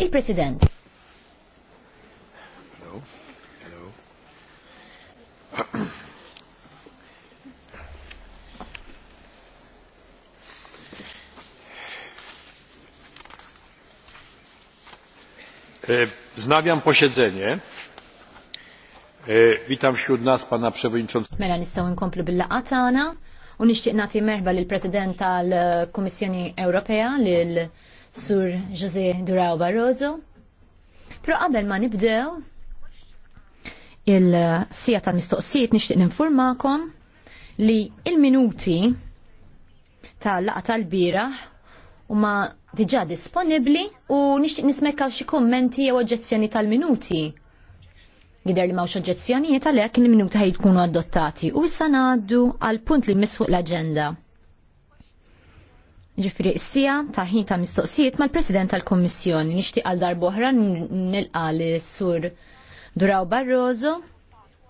Il-President. Hello. Hello. E, wznawiam posiedzenie. E, witam wśród nas pana przewodniczącego. Mela nistgħu inkomplu billa atana. tagħna u nixtieq nagħti merħba lill-President tal-Kummissjoni Ewropea lil Sur Jose Durao Barroso. Pero qabel ma nibdew il-sija tal-mistoqsijiet nixtieq ninformakom li il-minuti tal-laqa tal u huma diġà disponibbli u nixtieq nismekka xi kummenti jew oġġezzjoni tal-minuti. Gider li mawx oġġezzjonijiet għalhekk il-minuti ħajkunu adottati u issa ngħaddu għal punt li misfuq l-aġenda ġifri sija ta' ħin ta' mistoqsijiet mal president tal-Kommissjoni nixtieq għal darboħra nilqa' sur Duraw Barroso